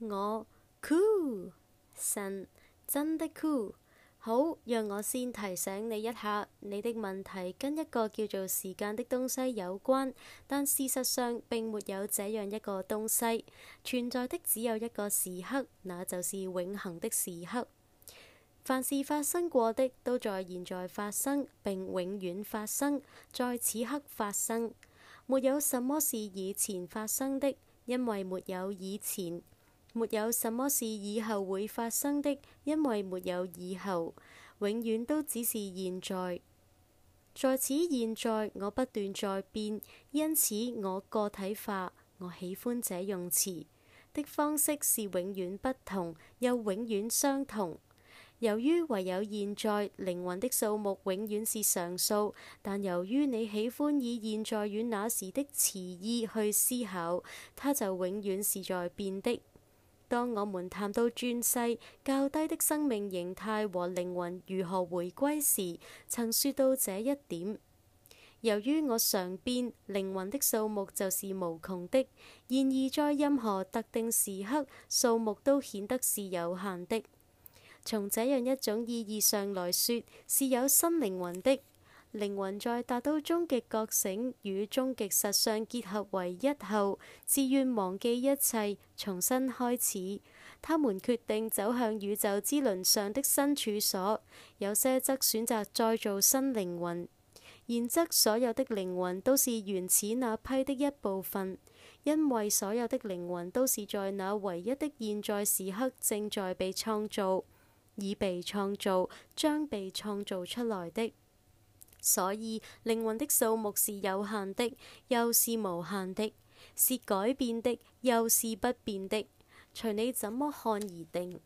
我 cool 神真的 cool，好讓我先提醒你一下，你的問題跟一個叫做時間的東西有關，但事實上並沒有這樣一個東西存在的，只有一個時刻，那就是永恆的時刻。凡是發生過的都在現在發生，並永遠發生，在此刻發生，沒有什麼是以前發生的，因為沒有以前。沒有什麼事以後會發生的，因為沒有以後，永遠都只是現在。在此現在，我不斷在變，因此我個體化。我喜歡這用詞的方式是永遠不同又永遠相同。由於唯有現在，靈魂的數目永遠是常數，但由於你喜歡以現在與那時的詞意去思考，它就永遠是在變的。當我們談到轉世較低的生命形態和靈魂如何回歸時，曾説到這一點。由於我常變，靈魂的數目就是無窮的，然而在任何特定時刻，數目都顯得是有限的。從這樣一種意義上來說，是有新靈魂的。靈魂在達到終極覺醒與終極實相結合為一後，自願忘記一切，重新開始。他們決定走向宇宙之輪上的新處所。有些則選擇再造新靈魂，然則所有的靈魂都是原始那批的一部分，因為所有的靈魂都是在那唯一的現在時刻正在被創造，已被創造，將被創造出來的。所以靈魂的數目是有限的，又是無限的，是改變的，又是不變的，隨你怎麼看而定。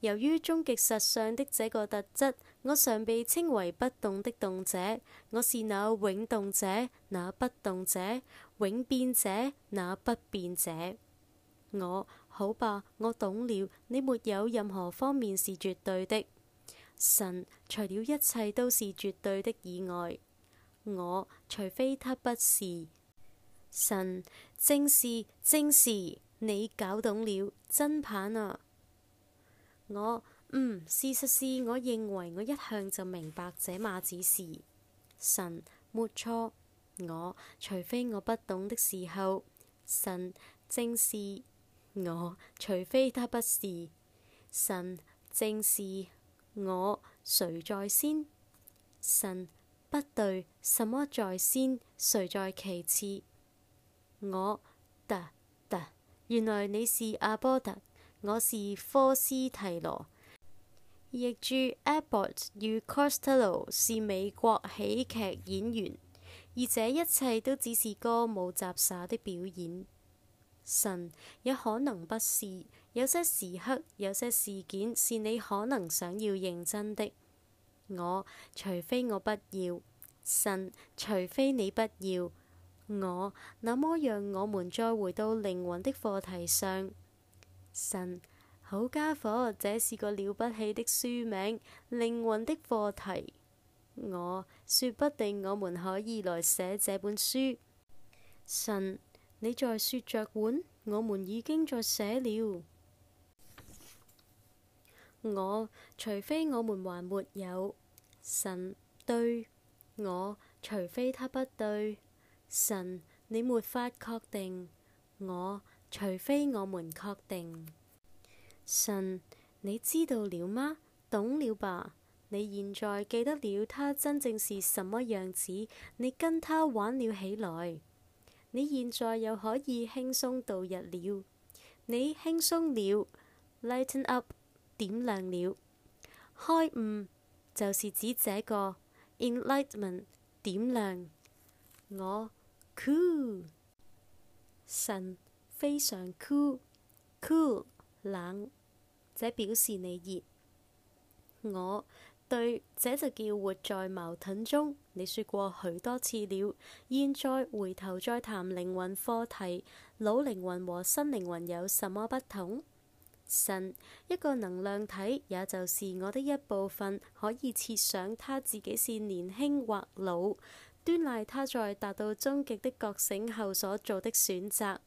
由於終極實相的這個特質，我常被稱為不動的動者，我是那永動者，那不動者，永變者，那不變者。我，好吧，我懂了，你沒有任何方面是絕對的。神，除了一切都是絕對的以外，我除非他不是神，正是正是你搞懂了真棒啊！我嗯，事實是我認為我一向就明白這碼子事。神，沒錯。我除非我不懂的時候，神正是我，除非他不是神正是。我，誰在先？神，不對，什麼在先，誰在其次？我，嗒嗒，原來你是阿波達，我是科斯提羅。役柱阿波達與科斯 l o 是美國喜劇演員，而這一切都只是歌舞雜耍的表演。神也可能不是。有些時刻，有些事件是你可能想要認真的。我，除非我不要；神，除非你不要我。那麼讓我們再回到靈魂的課題上。神，好家伙，這是個了不起的書名《靈魂的課題》。我，說不定我們可以來寫這本書。神，你在說着玩？我們已經在寫了。我除非我們還沒有神對，我除非他不對。神，你沒法確定。我除非我們確定。神，你知道了嗎？懂了吧？你現在記得了他真正是什麼樣子？你跟他玩了起來，你現在又可以輕鬆度日了。你輕鬆了，Lighten up。點亮了，開悟就是指這個。Enlightenment 點亮。我 cool 神非常 cool cool 冷，這表示你熱。我對，這就叫活在矛盾中。你說過許多次了，現在回頭再談靈魂課題，老靈魂和新靈魂有什麼不同？神一個能量體，也就是我的一部分，可以設想他自己是年輕或老，端賴他在達到終極的覺醒後所做的選擇。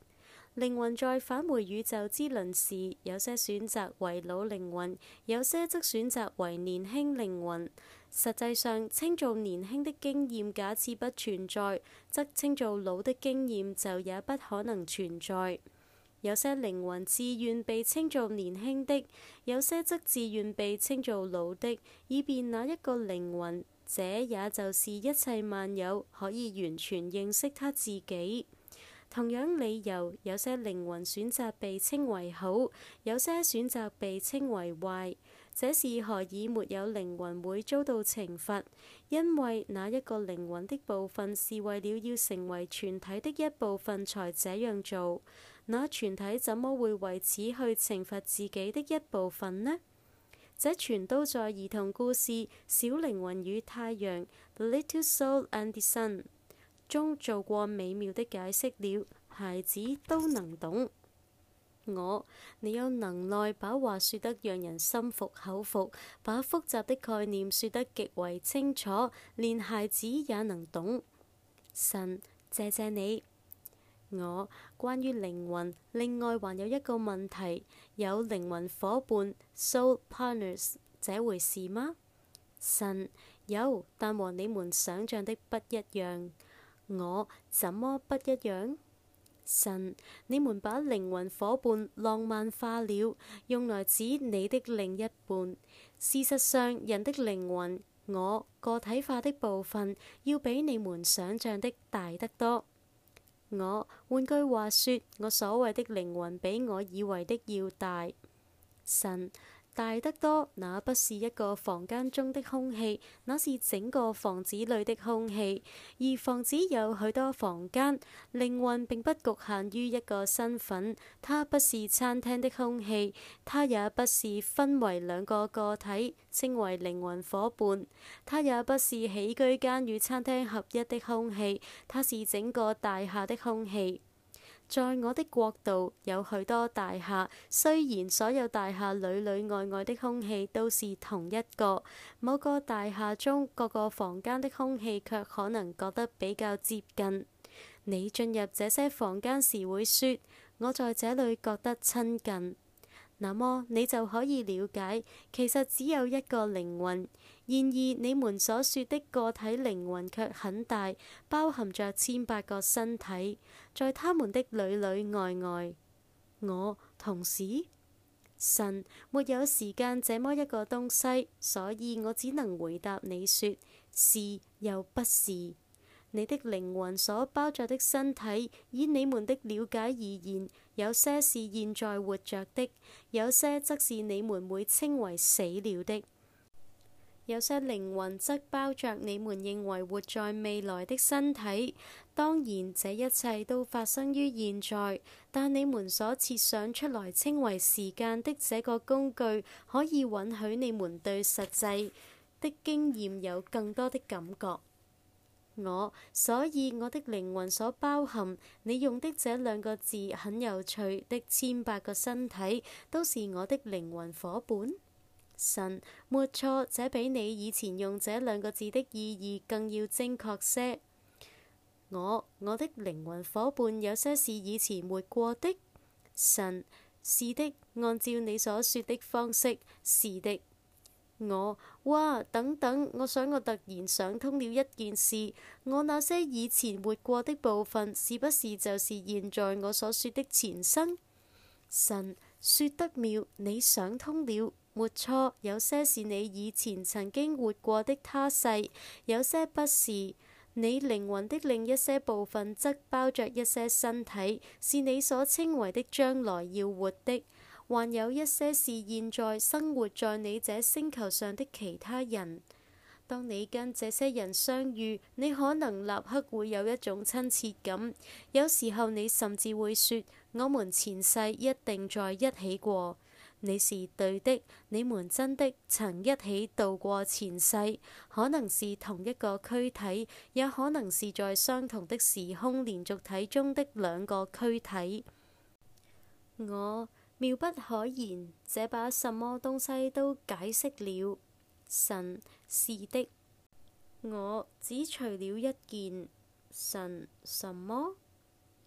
靈魂在返回宇宙之輪時，有些選擇為老靈魂，有些則選擇為年輕靈魂。實際上，稱做年輕的經驗假設不存在，則稱做老的經驗就也不可能存在。有些靈魂自願被稱做年輕的，有些則自願被稱做老的，以便那一個靈魂，這也就是一切萬有，可以完全認識他自己。同樣理由，有些靈魂選擇被稱為好，有些選擇被稱為壞。這是何以沒有靈魂會遭到懲罰，因為那一個靈魂的部分，是為了要成為全體的一部分才這樣做。那全體怎麼會為此去懲罰自己的一部分呢？這全都在兒童故事《小靈魂與太陽》the、（Little Soul and the Sun） 中做過美妙的解釋了，孩子都能懂。我，你有能耐把話説得讓人心服口服，把複雜的概念説得極為清楚，連孩子也能懂。神，謝謝你。我關於靈魂，另外還有一個問題，有靈魂伙伴 （soul partners） 這回事嗎？神，有，但和你們想像的不一樣。我怎麼不一樣？神，你們把靈魂伙伴浪漫化了，用來指你的另一半。事實上，人的靈魂，我個體化的部分，要比你們想像的大得多。我換句話說，我所謂的靈魂比我以為的要大。神。大得多，那不是一個房間中的空氣，那是整個房子裏的空氣。而房子有許多房間，靈魂並不局限於一個身份，它不是餐廳的空氣，它也不是分為兩個個體稱為靈魂伙伴，它也不是起居間與餐廳合一的空氣，它是整個大廈的空氣。在我的國度，有許多大廈。雖然所有大廈裏裏外外的空氣都是同一個，某個大廈中各個房間的空氣却可能覺得比較接近。你進入這些房間時會說，我在這裏覺得親近。那麼，你就可以了解，其實只有一個靈魂。然而你們所說的個體靈魂卻很大，包含着千百個身體，在他們的裏裏外外。我同時神沒有時間這麼一個東西，所以我只能回答你說是又不是。你的靈魂所包着的身體，以你們的了解而言，有些是現在活着的，有些則是你們會稱為死了的。有些靈魂則包着你們認為活在未來的身體。當然，這一切都發生於現在，但你們所設想出來稱為時間的這個工具，可以允許你們對實際的經驗有更多的感覺。我，所以我的靈魂所包含，你用的這兩個字很有趣，的千百個身體都是我的靈魂伙伴。神，沒錯，這比你以前用這兩個字的意義更要精確些。我，我的靈魂伙伴有些是以前沒過的。神，是的，按照你所說的方式，是的。我。哇！等等，我想我突然想通了一件事，我那些以前活過的部分，是不是就是現在在我所說的前生？神，說得妙，你想通了，沒錯，有些是你以前曾經活過的他世，有些不是。你靈魂的另一些部分則包着一些身體，是你所稱為的將來要活的。還有一些是現在生活在你這星球上的其他人。當你跟這些人相遇，你可能立刻會有一種親切感。有時候你甚至會說：我們前世一定在一起過。你是對的，你們真的曾一起度過前世，可能是同一個軀體，也可能是在相同的時空連續體中的兩個軀體。我。妙不可言，這把什麼東西都解釋了。神，是的，我只除了一件。神，什麼？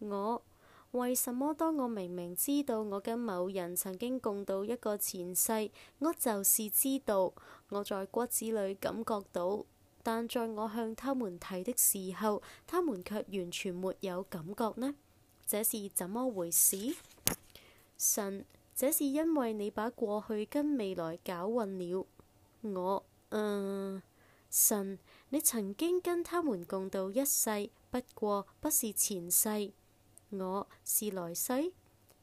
我，為什麼當我明明知道我跟某人曾經共度一個前世，我就是知道我在骨子裏感覺到，但在我向他們提的時候，他們卻完全沒有感覺呢？這是怎麼回事？神，這是因為你把過去跟未來搞混了。我，嗯、呃，神，你曾經跟他們共度一世，不過不是前世，我是來世。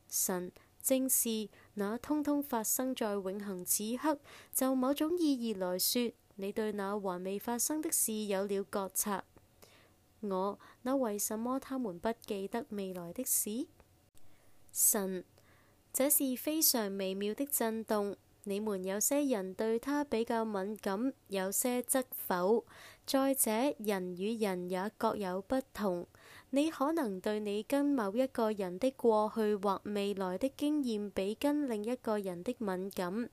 神，正是那通通發生在永恒此刻。就某種意義來說，你對那還未發生的事有了覺察。我，那為什麼他們不記得未來的事？神。這是非常微妙的震動，你們有些人對它比較敏感，有些則否。再者，人與人也各有不同。你可能對你跟某一個人的過去或未來的經驗比跟另一個人的敏感。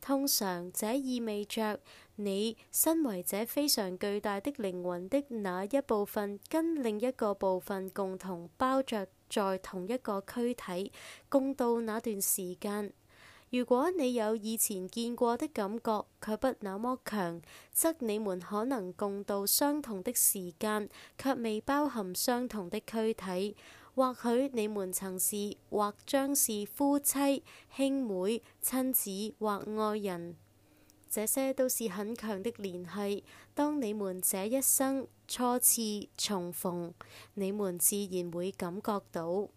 通常，這意味著你身為這非常巨大的靈魂的那一部分，跟另一個部分共同包著，在同一個軀體共度那段時間。如果你有以前見過的感覺，却不那麼強，則你們可能共度相同的時間，却未包含相同的軀體。或許你們曾是或將是夫妻、兄妹、親子或愛人。這些都是很強的聯繫。當你們這一生初次重逢，你們自然會感覺到。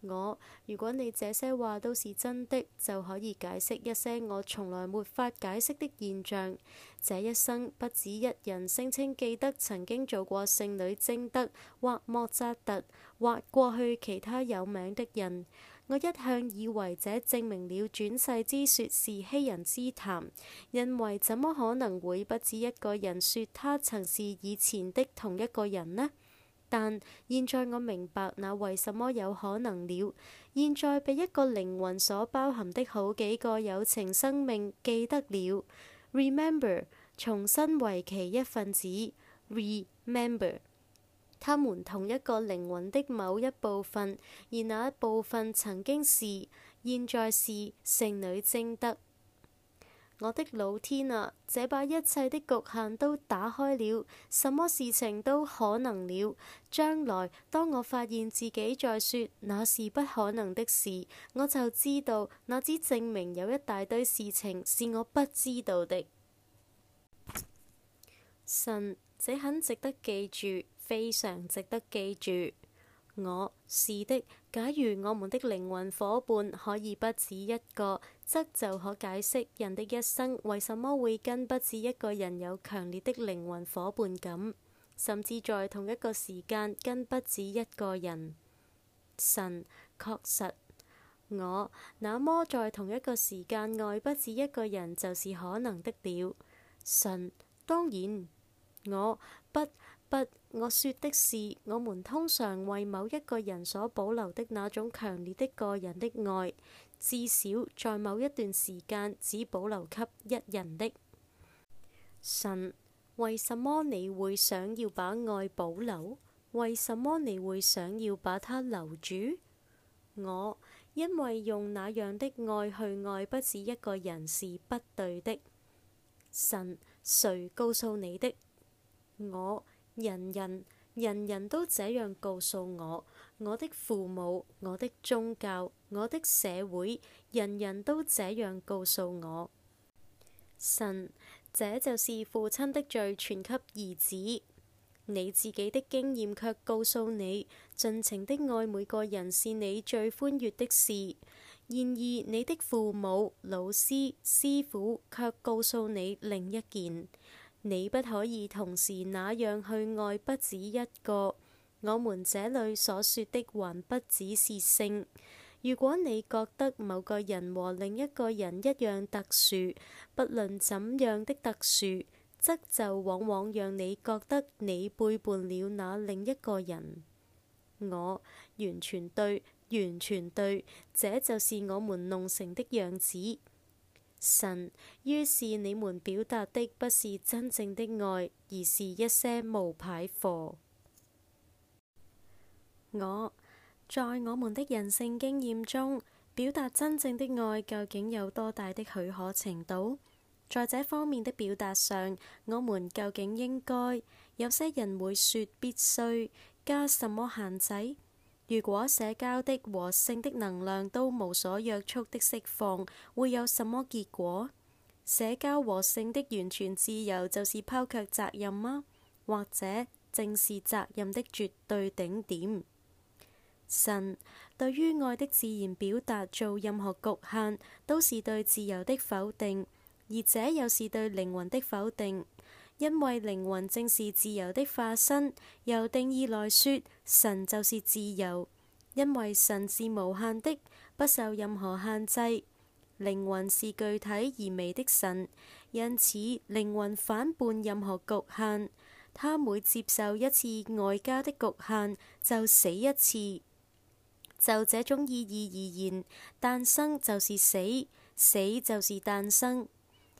我，如果你這些話都是真的，就可以解釋一些我從來沒法解釋的現象。這一生不止一人聲稱記得曾經做過聖女貞德或莫扎特或過去其他有名的人。我一向以為這證明了轉世之説是欺人之談，認為怎麼可能會不止一個人說他曾是以前的同一個人呢？但現在我明白那為什麼有可能了。現在被一個靈魂所包含的好幾個友情生命記得了，Remember，重新為其一份子，Remember。他們同一個靈魂的某一部分，而那一部分曾經是、現在是聖女貞德。我的老天啊！這把一切的局限都打開了，什麼事情都可能了。將來當我發現自己在說那是不可能的事，我就知道那只證明有一大堆事情是我不知道的。神，這很值得記住。非常值得記住。我，是的。假如我們的靈魂伙伴可以不止一個，則就可解釋人的一生為什麼會跟不止一個人有強烈的靈魂伙伴感，甚至在同一個時間跟不止一個人。神，確實。我，那麼在同一個時間愛不止一個人就是可能的了。神，當然。我不不。不我說的是，我們通常為某一個人所保留的那種強烈的個人的愛，至少在某一段時間只保留給一人的。神，為什麼你會想要把愛保留？為什麼你會想要把它留住？我，因為用那樣的愛去愛不止一個人是不對的。神，誰告訴你的？我。人人人人都這樣告訴我，我的父母、我的宗教、我的社會，人人都這樣告訴我。神，這就是父親的罪傳給兒子。你自己的經驗卻告訴你，盡情的愛每個人是你最歡悅的事。然而，你的父母、老師、師傅卻告訴你另一件。你不可以同時那樣去愛不止一個，我們這裏所說的還不只是性。如果你覺得某個人和另一個人一樣特殊，不論怎樣的特殊，則就往往讓你覺得你背叛了那另一個人。我完全對，完全對，這就是我們弄成的樣子。神，於是你們表達的不是真正的愛，而是一些冒牌貨。我在我們的人性經驗中，表達真正的愛究竟有多大的許可程度？在這方面的表達上，我們究竟應該，有些人會說必須加什麼限制？如果社交的和性的能量都無所約束的釋放，會有什麼結果？社交和性的完全自由就是拋卻責任嗎？啊？或者正是責任的絕對頂點？神，對於愛的自然表達做任何局限，都是對自由的否定，而這又是對靈魂的否定。因為靈魂正是自由的化身，由定義來說，神就是自由。因為神是無限的，不受任何限制。靈魂是具體而微的神，因此靈魂反叛任何局限。他每接受一次外加的局限，就死一次。就這種意義而言，誕生就是死，死就是誕生。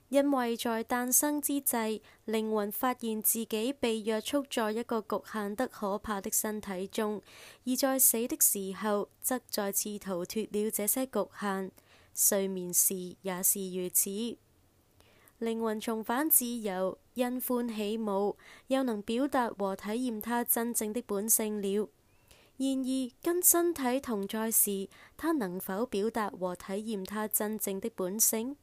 因為在誕生之際，靈魂發現自己被約束在一個局限得可怕的身體中，而在死的時候，則再次逃脱了這些局限。睡眠時也是如此，靈魂重返自由，因歡起舞，又能表達和體驗他真正的本性了。然而，跟身體同在時，他能否表達和體驗他真正的本性？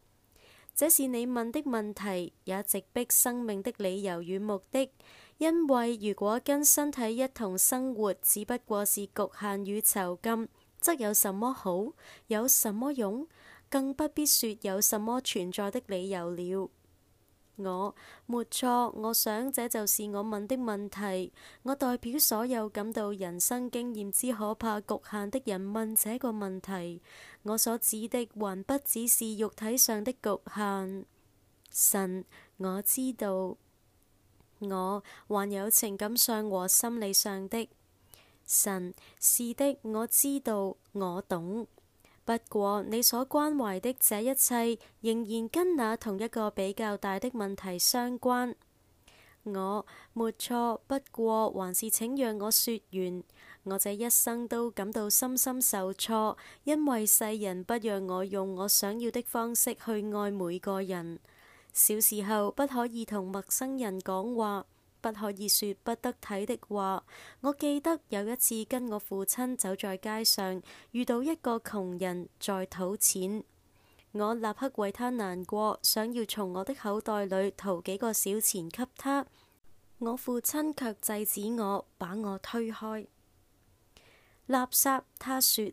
這是你問的問題，也直逼生命的理由與目的。因為如果跟身體一同生活，只不過是局限與囚禁，則有什麼好？有什麼用？更不必說有什麼存在的理由了。我，沒錯，我想這就是我問的問題。我代表所有感到人生經驗之可怕、局限的人問這個問題。我所指的還不只是肉體上的局限，神，我知道。我還有情感上和心理上的。神，是的，我知道，我懂。不過，你所關懷的這一切仍然跟那同一個比較大的問題相關。我沒錯，不過還是請讓我説完。我這一生都感到深深受挫，因為世人不讓我用我想要的方式去愛每個人。小時候不可以同陌生人講話。不可以說不得體的話。我記得有一次跟我父親走在街上，遇到一個窮人在討錢，我立刻為他難過，想要從我的口袋裏掏幾個小錢給他。我父親卻制止我，把我推開。垃圾，他說，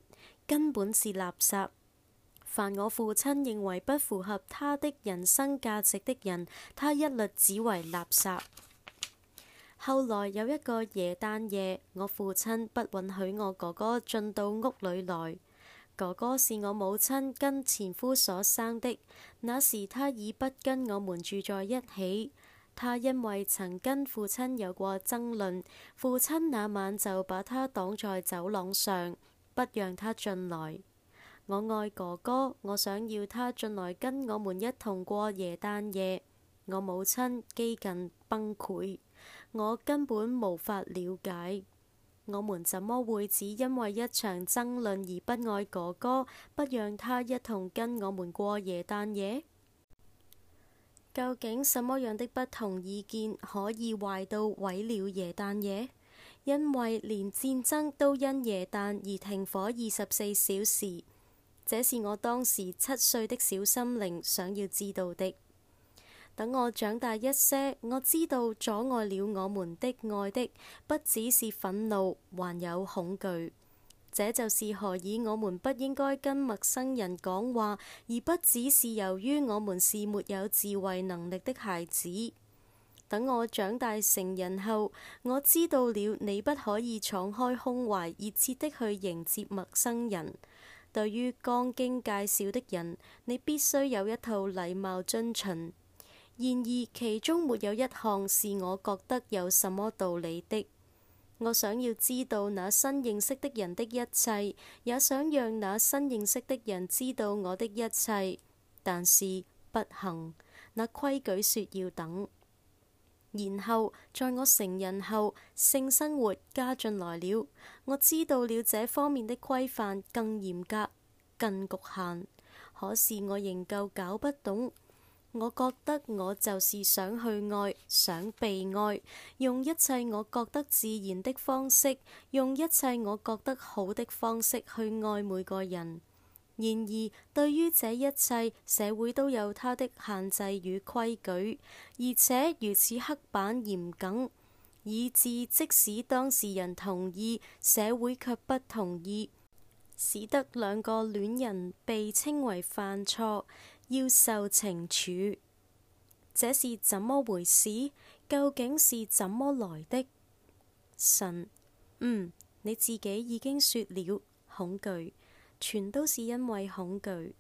根本是垃圾。凡我父親認為不符合他的人生價值的人，他一律指為垃圾。後來有一個耶誕夜，我父親不允許我哥哥進到屋裏來。哥哥是我母親跟前夫所生的，那時他已不跟我們住在一起。他因為曾跟父親有過爭論，父親那晚就把他擋在走廊上，不讓他進來。我愛哥哥，我想要他進來跟我們一同過耶誕夜。我母親幾近崩潰。我根本無法了解，我們怎麼會只因為一場爭論而不愛哥哥，不讓他一同跟我們過耶誕夜？究竟什麼樣的不同意見可以壞到毀了耶誕夜？因為連戰爭都因耶誕而停火二十四小時，這是我當時七歲的小心靈想要知道的。等我長大一些，我知道阻礙了我們的愛的不只是憤怒，還有恐懼。這就是何以我們不應該跟陌生人講話，而不只是由於我們是沒有自衛能力的孩子。等我長大成人後，我知道了你不可以敞開胸懷，熱切的去迎接陌生人。對於剛經介紹的人，你必須有一套禮貌遵循。然而，其中沒有一項是我覺得有什麼道理的。我想要知道那新認識的人的一切，也想讓那新認識的人知道我的一切，但是不行，那規矩說要等。然後，在我成人後，性生活加進來了。我知道了這方面的規範更嚴格、更局限，可是我仍舊搞不懂。我覺得我就是想去愛，想被愛，用一切我覺得自然的方式，用一切我覺得好的方式去愛每個人。然而，對於這一切，社會都有它的限制與規矩，而且如此刻板嚴謹，以致即使當事人同意，社會卻不同意，使得兩個戀人被稱為犯錯。要受懲處，這是怎麼回事？究竟是怎麼來的？神，嗯，你自己已經說了，恐懼，全都是因為恐懼。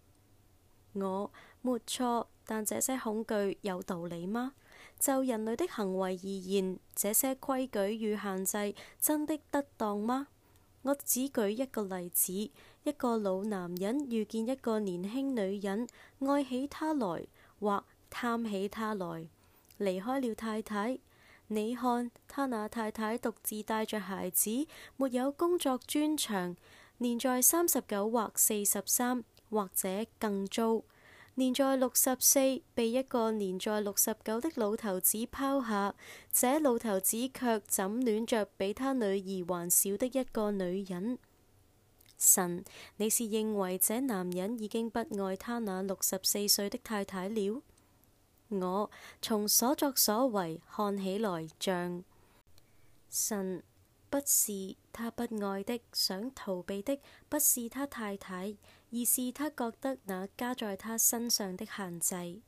我，沒錯，但這些恐懼有道理嗎？就人類的行為而言，這些規矩與限制真的得當嗎？我只舉一個例子。一個老男人遇見一個年輕女人，愛起她來或貪起她來，離開了太太。你看他那太太獨自帶着孩子，沒有工作專長，年在三十九或四十三，或者更糟，年在六十四，被一個年在六十九的老頭子拋下。這老頭子卻枕戀着比他女兒還小的一個女人。神，你是認為這男人已經不愛他那六十四歲的太太了？我從所作所為看起來像。神，不是他不愛的，想逃避的，不是他太太，而是他覺得那加在他身上的限制。